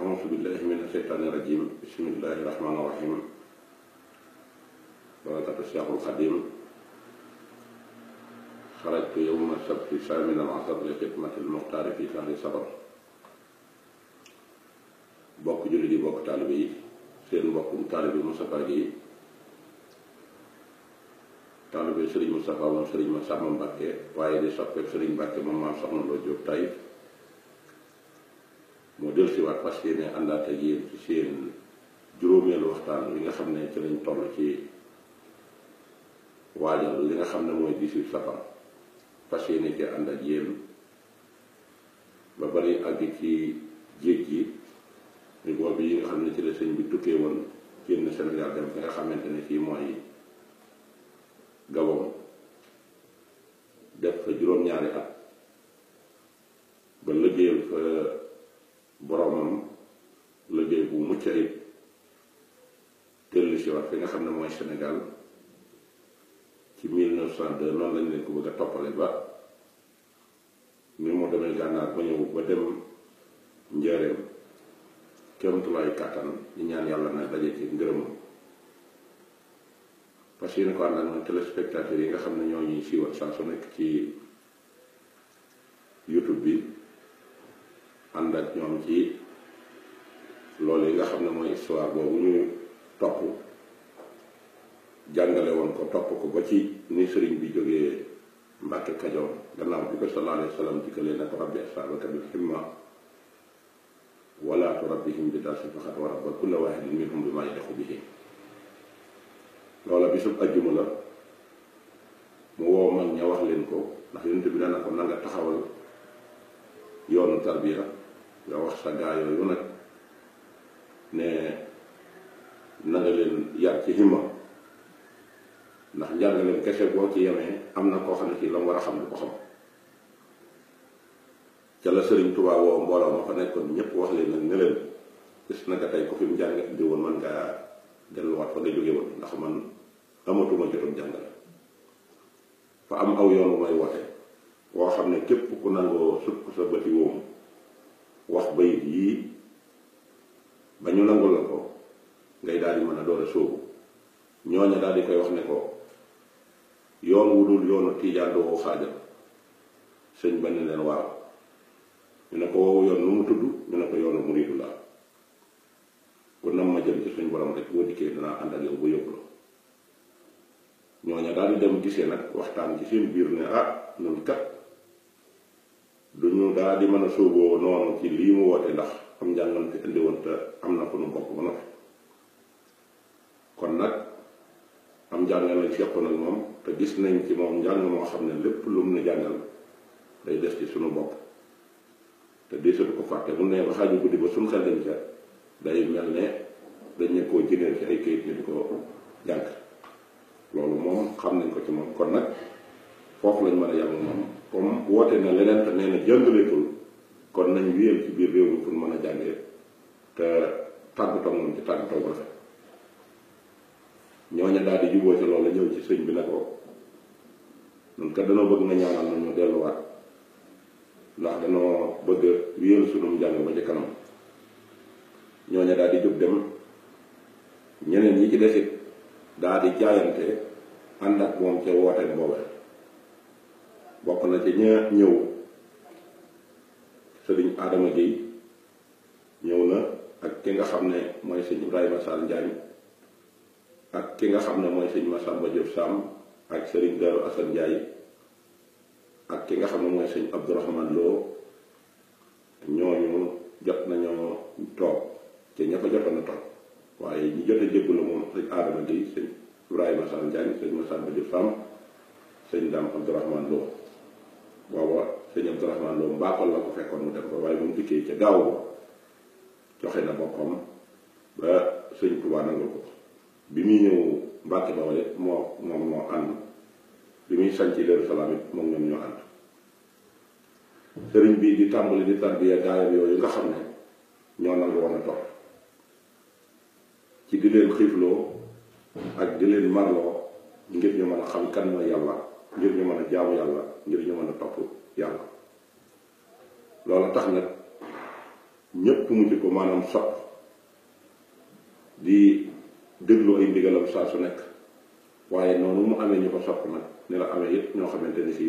أعوذ بالله من الشيطان الرجيم بسم الله الرحمن الرحيم بركة الشيخ القديم خرجت يوم السبت الثامن العصر لخدمة المختار في شهر صبر bokk jullit yi bokk taalibe yi seen mbokkum taalibe Moustapha Guèye taalibe Serigne Moustapha moom Serigne Massamba Mbacke waaye di soppeeku Serigne Mbacke moom maam soxna Lo Diop dellusiwaat fas yéene àndaat ak yéen ci seen juróomeelu waxtaan li nga xam ne ci lañ toll ci waajal li nga xam ne mooy 18 safar fas yéene ci ànd ak yéen ba bari àgg gi ñu boobu yi nga xam ne ci la sëñ bi tukkee woon génn Sénégal dem fi nga xamante ne fii mooy Gabon def fa juróom-ñaari at ba liggéeyal fa boroomam liggéey bu mucc ayib dellu si waat nga xam ne mooy Sénégal ci 1902 noonu lañ leen ko bëgg a toppale ba ni mu demee gànnaar ba ñëw ba dem njëreem kéemtulaayu kàttan di ñaan yàlla na daje ci ngërëmam parce que yéen a ko àndal moom téléspectateurs yi nga xam ne ñoo ñuy siiwal saa su nekk ci. ak ñoom ci loolu yi nga xam ne mooy histoire boobu ñu topp jàngale woon ko topp ko ba ci ni sëriñ bi jógee Mbàkke Kajoor gannaaw bi ko sallallahu alayhi wa sallam dikkalee ne ko rabbi asaabaka bil himma wala turabbihim bi darsi faqat wa rabba kulla bi ma yaliqu la mu woo mag ña wax leen ko ndax yonent bi dana ko nanga taxawal yoonu tarbiya nga wax sa gaa yooyu nag ne na nga leen yar ci himma ndax njàngaleen kese boo ci yemee am na koo xam ne ci la mu war a xam lu ko xam ca la sëriñ Tuubaa woo mbooloo ma fa nekkoon ñépp ne nga delluwaat fa nga jóge ndax man amatuma jotum jàngale fa am aw yoon may woote woo xam ne képp ku nangoo sukk sa bëti woom wax bayit yii ba ñu nangul la ko ngay daal di mën a door a sóobu ñooña daal di koy wax ne ko yoon wu dul yoonu tiijaan doo xaajal sëñ ba leen waaw ñu ne ko woowu yoon nu mu tudd ñu ne ko yoonu muriidu laa ku nam ma jëm ci suñ borom rek boo dikkee danaa ànd ak yow bu yóbbu la ñooña daal di dem gisee nag waxtaan ci seen biir ne ah nun kat nu di mën a sóoboo noonu ci lii mu woote ndax am njàngam fi indi woon te am na ko nu bokk ba noppi kon nag am njàng lañ seq nag moom te gis nañ ci moom njàng moo xam ne lépp lu mun nu jàngal day def ci sunu bopp te deesatu ko fàtte bu ne ba xaaju guddi ba suñ xel dañ ca day mel ne dañ ne koo jëneel ci ay kayit ñu di ko jàng loolu moom xam nañ ko ci moom kon nag foofu lañ mën a yàlla moom comme woote na leneen te nee na jàngaleetul kon nañ wéyal ci biir réew mi pour mën a jàngee te tàggatoo moom ci tàggatoo ko rek ñooñu daal di juboo ci loolu ñëw ci sëñ bi ne ko ñun kat danoo bëgg nga ñaanal na delluwaat ndax danoo bëgg wéyal sunum njàng ba ci kanam ñooñu daal di jóg dem ñeneen ñi ci desit daal di jaayante ànd ak moom ca woote boobee. bokk na ci ña ñëw sëriñ Adama Guèye ñëw na ak ki nga xam ne mooy sëñ Ibrahima Sall Njaañ ak ki nga xam ne mooy sëñ Massamba Diop Sam ak sëriñ Darou Assane Ndiaye ak ki nga xam ne mooy sëñ Abdourahmane Lo ñooñu jot nañoo toog ci ña ko jotoon a waaye ñu jot a jébbu la moom sëñ Adama Guèye sëñ Ibrahima Sall Njaañ sëñ Massamba Diop Sam sëñ Dame Abdourahmane Lo booba sëñ Abdourahmane Lo mbaaxal la ko fekkoon mu dem ko waaye bu mu dikkee ca gaaw ba joxe na boppam ba sëñ Tuubaa nangu ko bi muy ñëw Mbàkke Bawol it moo moom moo ànd bi muy sanc Daaru Salaam it moom ñoom ñoo ànd sëriñ bi di tàmbali di tarbiya gaayam yooyu nga xam ne ñoo nangu woon a topp ci di leen xiifloo ak di leen marloo ngir ñu mën a xam kan mooy yàlla ngir ñu mën a jaamu yàlla ngir ñu mën a topp yàlla loolu tax nag ñépp mujj ko maanaam sopp di déglu ay ndigalam saa su nekk waaye noonu mu amee ñu ko sopp nag ni la amee yépp ñoo xamante ni si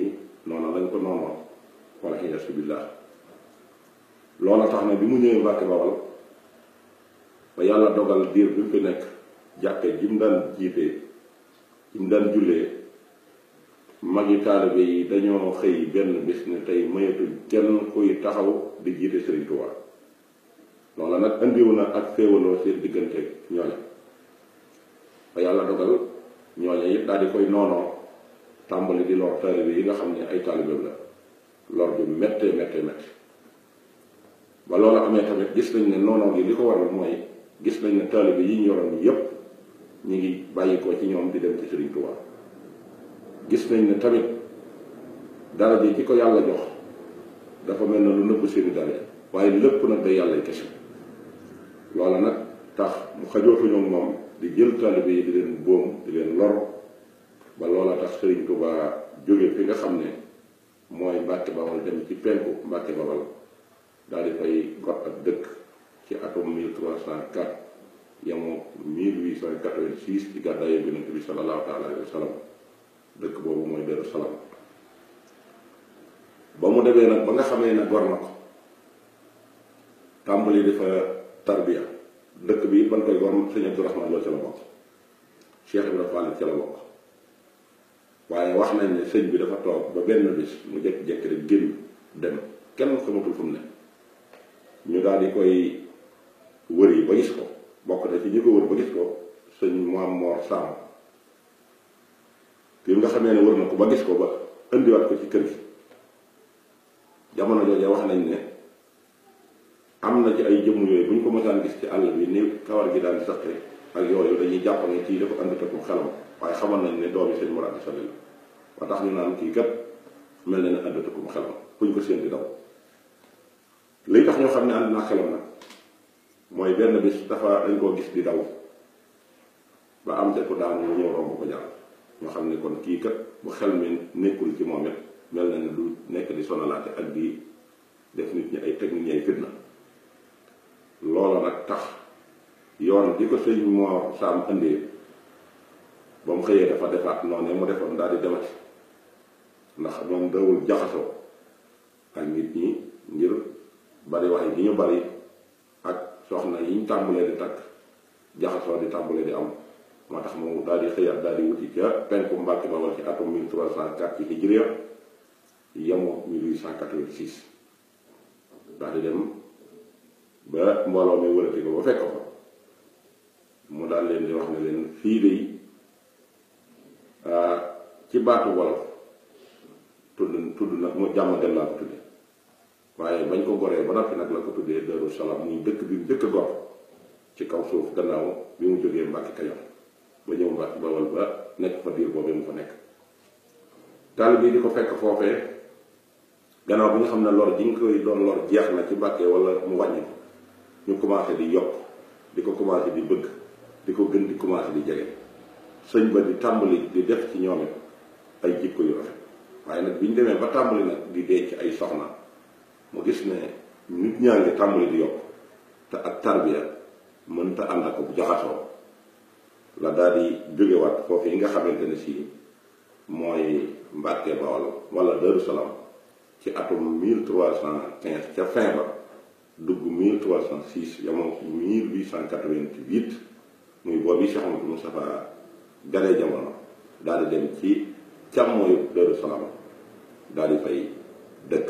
noonu lañ ko noonoon wala iyaasu billaah loola tax na bi mu ñëwee Mbàkke Bawal ba yàlla dogal diir bi mu fi nekk jàkke ji mu daan jiitee ji mu daan jullee magi taalibe yi dañoo xëy benn bis ne tey mayatu kenn kuy taxaw di jiite Sëriñ Tuubaa loola nag indiwu na ak féewaloo seen diggante ñooña ba yàlla dogal ñooña yëpp daal di koy noonoo tàmbali di lor taalibe yi nga xam ne ay taalibeem la lor bu méttee méttee métti ba loola amee tamit gis nañ ne noonoo gi li ko waral mooy gis nañ ne taalibe yi ñu yoroon yëpp ñu ngi bàyyi ci ñoom di dem ci Sëriñ Tuubaa gis nañ ne tamit dara ji ki ko yàlla jox dafa mel na lu nëbb seeni dara waaye lépp nag day yàlla kese loola nag tax mu xajootu ñoom moom di jël taalibe yi di leen boom di leen lor ba loola tax Sëriñ Tuubaa jóge fi nga xam ne mooy Mbàkke Bawal dem ci penku Mbàkke Bawal daal di fay got ak dëkk ci atum 1304 yemoo 1886 ci gàddaayu Yonent bi sallallahu taala alayhi wa sallam dëkk boobu mooy Daaru Salaam ba mu demee nag ba nga xamee ne gor na ko tàmbali dafa tarbiya dëkk bi ban koy gor sëñ Abdourahmane Lo ca la bokk Cheikh Ibrahima Fall ca la bokk waaye wax nañ ne sëñ bi dafa toog ba benn bis mu jékki-jékki rek génn dem kenn xamatul fu mu ñu daal di koy wër yi ba gis ko bokk na ci ñi ko wër ba gis ko sëñ Maam Mor Samb nga xamee ne wër na ko ba gis ko ba indiwaat ko ci kër gi jamono jooju wax nañ ne am na ci ay jëmm yooyu bu ñu ko mosaan gis ci àll bi ni kawar gi daal saqe ak yooyu dañuy jàpp ne kii dafa ànd ak mu waaye xamoon nañ ne doomi seen muraad sali la ba tax ñu naan kii kat mel na ne ànd ak mu xelam bu ñu ko seen di daw li tax ñoo xam ne ànd naa xelam nag mooy benn bi dafa dañ koo gis di daw ba am te ku daan ñëw romb ko jàll ñoo xam ne kon kii kat bu xel mi nekkul ci moom it mel na ne du nekk di sonalaate ak di def nit ñi ay teg nit ñi ay fitna loola nag tax yoon di ko sëñ Mor Sam indee ba mu xëyee dafa defaat noonu mu defoon daal di demati ndax moom dawul jaxasoo ak nit ñi ngir bari wax yi ñu bari ak soxna yi ñu tàmbalee di takk jaxasoo di tàmbalee di am moo tax moom daal di xëyaat daal di wuti ca penku Mbàkke Bawol ci atum 1304 ci hijriya yemoo 1886 daal di dem ba mbooloo mi wërati ko ba fekk ko mu daal leen di wax ne leen fii de ah, ci baatu wolof tudd tudd nag mu jàmm del laa ko tudde waaye bañ ko goree ba noppi nag la ko tuddee Daaru Salaam muy dëkk bi dëkk gor ci kaw suuf gannaaw bi mu jógee Mbàkke Kajoor ba ñëw ba bawal ba nekk fa diir boobee mu fa nekk taalibe bi di ko fekk foofee gannaaw bi nga xam ne lor ji nga koy doon lor jeex na ci Mbàkke wala mu wàññi ñu commencé di yokk di ko commencé di bëgg di ko gën di commencé di jege sëñ ba di tàmbali di def ci ñoom it ay jikko yu rafet waaye nag bi ñu demee ba tàmbali nag di dee ci ay soxna mu gis ne nit ñaa ngi tàmbali di yokk te ak tarbiya mënta ànd ak bu la daal di jógewaat foofu yi nga xamante ne sii mooy Mbàkke Bawol wala Daaru Salaam ci atum 1315 ca fin ba dugg 1306 yamoon ci 1888 muy boobu Cheikh Amadou Moustapha gane jamono daal di dem ci càmmooyu Daaru Salaam daal di fay dëkk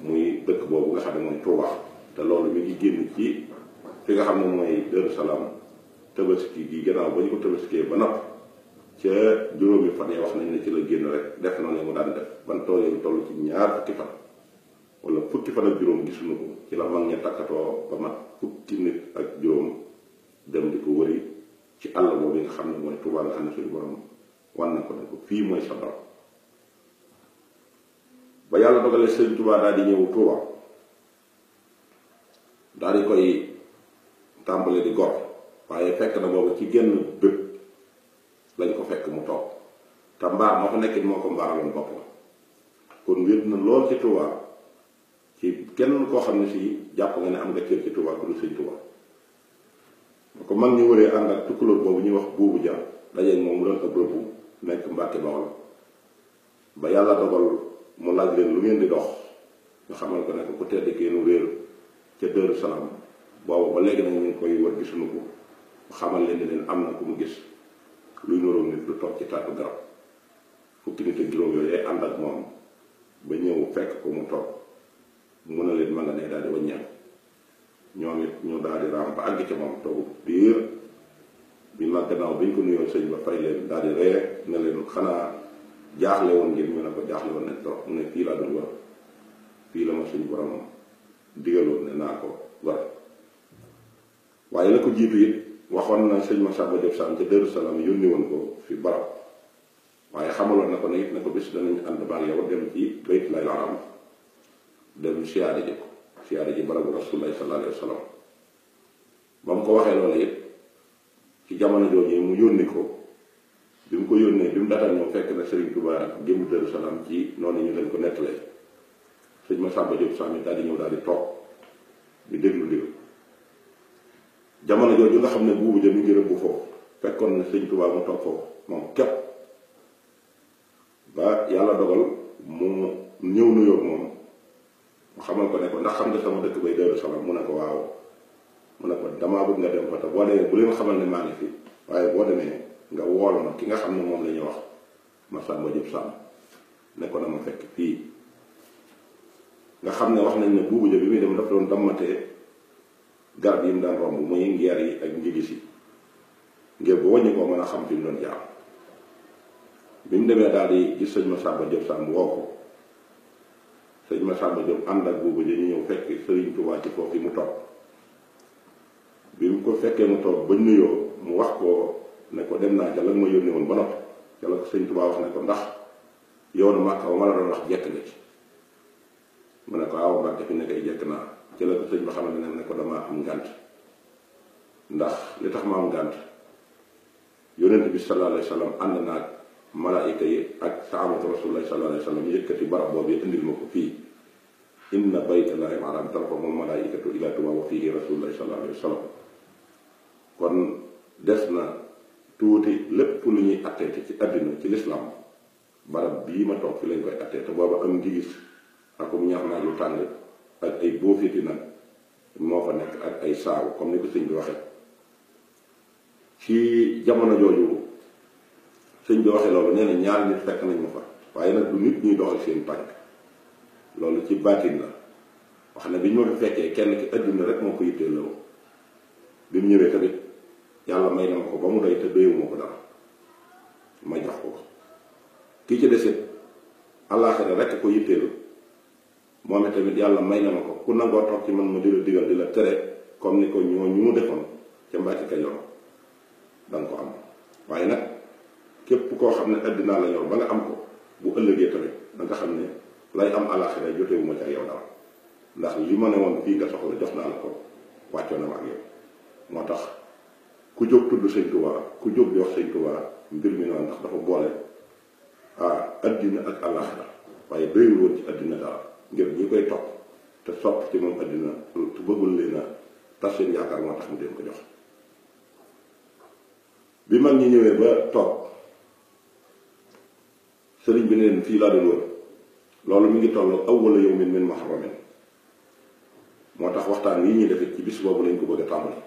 muy dëkk boobu nga xam ne mooy Touba te loolu mi ngi génn ci fi nga xam ne mooy Daaru tabaski gi gannaaw ba ñu ko tabaskee ba noppi ca juróomi fan yi wax nañ ne ci la génn rek def na ne mu daan def ban tool yi toll ci ñaar fukki fan wala fukki fan ak juróom gisuñu ko ci la mag ña takkatoo ba mat fukki nit ak juróom dem di ko wëri ci àll boobu nga xam ne mooy Tuubaa nga xam ne suñu borom wan ne ko fii mooy sa ba yàlla dogalee sëriñ Tuubaa daal di ñëw Tuubaa daal di koy tàmbale di gor waaye fekk na boobu ci genn bépp lañ ko fekk mu toog te mbaar moo ko nekkit moo ko mbaaraloon bopp la kon wéet na lool ci Touba ci kenn koo xam ne si jàpp nga ne am nga cër ci Touba ku dul sëñ Touba ko mag ñu waree ànd ak tukkulóor boobu ñuy wax buubu ja dajeeg moom mu doon ab rëbbu nekk Mbàkke Bawol ba yàlla dogal mu laaj leen lu ngeen di dox nga xamal ko nekk ku tedd keenu réer ca Dëru Salaam boobu ba léegi nag koy war gisuñu ko xamal leen ne leen am na ku mu gis luy nuroo nit lu toog ci taatu garab fukki nit ak juróom yooyu ànd ak moom ba ñëw fekk ko mu toog mu ne leen ma nga ne daal di ñoom it ñu daal di raam ba àgg ca moom toogu biir biñ la gannaaw biñ ko nuyoo sëñ ba fay leen daal ree ne leen xanaa jaaxle woon ngir ñu ne ko jaaxle woon nañ trop ne fii laa doon war fii la ma suñu boromam digaloon ne naa ko war waaye la ko jiitu it waxoon na sëñ Massamba Diop Sam ca Dëru Salaam yónni woon ko fi barab waaye xamaloon na ko ne it na ko bis danañ ànd baal yow dem ci baytul laahil haraam dem siyaare ji ko siyaare ji barabu rasuulullaahi sallallaahu alayhi wa sallam ba mu ko waxee loolu it ci jamono jooju mu yónni ko bi mu ko yónnee bi mu datal ñoom fekk na Serigne Touba gémm Dëru Salaam ci noonu ñu leen ko nettalee sëñ Massamba Diop Sam it daal di ñëw daal di toog di déglu li jamono jooju nga xam ne buubu ja mi ngi bu foofu fekkoon na sëñ Tuubaa mu toog foofu moom képp ba yàlla dogal mu ñëw nuyoo moom mu xamal ko ne ko ndax xam nga sama dëkk bay Daaru Salaam mu ne ko waaw mu ne ko damaa bëgg nga dem fa te boo demee bu leen xamal ne maa fii waaye boo demee nga wool ma ki nga xam ne moom lañuy ñuy wax ma Samba Diop Samb ne ko na fekk fii nga xam ne wax nañ ne buubu ja bi muy dem daf doon dammatee garab yi mu daan romb muy ngeer yi ak njigis yi ngir bu wàññi ko mën a xam fi mu doon jaar bi mu demee daal di gis sëñ Masamba Diop Samb woo ko sëñ Masamba Diop ànd ak boobu dañu ñëw fekk Sëriñ Tuubaa ci foofu mu toog bi mu ko fekkee mu toog ba nuyoo mu wax ko ne ko dem naa ca la ma yónnee woon ba noppi ca la ko sëñ Tuubaa wax ne ko ndax yow na Màkka ma la doon wax jekk na ci mu ne ko aw Mbàkke fi ne kay jekk naa ci la ko sëñ ba xamal ne ne ko am ngànt ndax li tax ma am ngànt yonent bi sallallahu alayhi wa sallam ànd naag malaayika yi ak saabatu rasulullahi sallallahu alayhi wa sallam yëkkati barab boobu indil ma ko fii inna baytallahi al-haram tarfa'u malaayikatu ila Tuuba wa fiihi rasulullahi sallallahu alayhi wa sallam kon des na tuuti lépp lu ñuy atteete ci àddina ci lislaam barab bii ma toog fi lañ koy atteete booba am ndigis akum ñax naa lu tàng ak ay boofiti nag moo fa nekk ak ay saawu comme ni ko sëñ bi waxee ci jamono jooju sëñ bi waxee loolu nee na ñaar nit fekk nañ ma fa waaye nag lu nit ñuy doxal seen tànk loolu ci baatin la wax ne bi ñu ma fekkee kenn ki adduna rek moo ko yittee la bi mu ñëwee tamit yàlla may na ma ko ba mu doy te doyuma ko dara ma jox ko ki ci desit àllaaxira rek ko yitteelu moom tamit yàlla may na ma ko ku nangoo toog ci man ma di la digal di la tere comme ni ko ñoo ñu mu defoon ca Mbàkke Kajoor da nga ko am waaye nag képp koo xam ne addinaa la yor ba nga am ko bu ëllëgee tamit da nga xam ne lay am alaxira jotewu ma ci ak yow ndax li ma ne woon fii nga soxla jox naa la ko wàccoo na ma ak yow moo tax ku jóg tudd sëñ Tuubaa ku jóg jox sëñ Tuubaa mbir mi noonu ndax dafa boole ah addina ak alaxira waaye doyul ngir ñi koy topp te sopp ci moom àddina te bëggul leen a tas seen yaakaar moo tax mu dem ko jox bi mag ñi ñëwee ba toog sëriñ bi neen fii laa doon wër loolu mi ngi toll awwala yawmin min muharramin moo tax waxtaan yi ñuy defit ci bis boobu lañ ko bëgg a tàmbali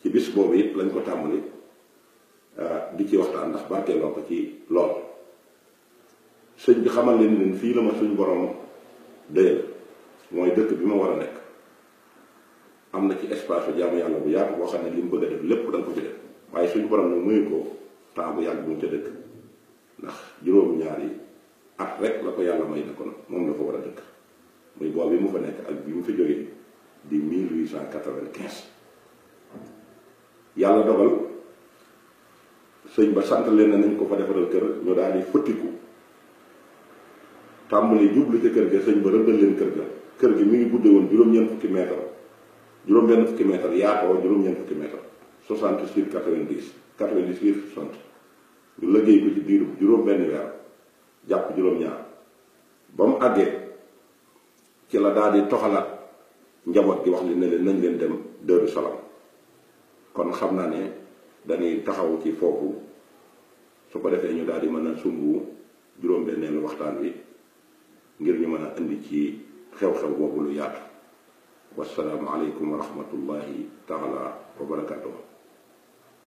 ci bis boobu it lañ ko tàmbali ah, di ci waxtaan ndax barkeeloo ko ci lool sëñ bi xamal leen leen fii la ma suñu borom doyal mooy dëkk bi ma war a nekk am na ci espace bu jaamu yàlla bu yàgg boo xam ne li mu bëgg a def lépp da ko ci def waaye suñu borom nag muyu ko temps mu ca dëkk ndax juróom la ko yàlla may na ko nag moom war a dëkk muy boobu bi mu fa nekk ak bi mu fa jógee di 1895 yàlla dogal sëñ ba sant leen na nañ ko fa defaral kër ñu daal di fëttiku tàmbali jublu ca kër ga sëñ ba rëddal leen kër ga kër gi mi ngi guddee woon juróom-ñeent fukki mètre juróom-benn fukki mètre yaatoo juróom-ñeent fukki mètre 60 sur 90 90 sur 60 ñu liggéey ko ci diiru juróom-benn weer jàpp juróom-ñaar ba mu àggee ci la daal di toxalaat njaboot gi wax li ne leen nañ leen dem Daaru Salaam kon xam naa ne dañuy taxaw ci foofu su ko defee ñu daal di mën a sumb juróom-benneelu waxtaan wi. ngir ñu mën a indi ci xew-xew boobu lu yaatu wasalaamu aleykum wa rahmatullahi taala wa barakaatuhu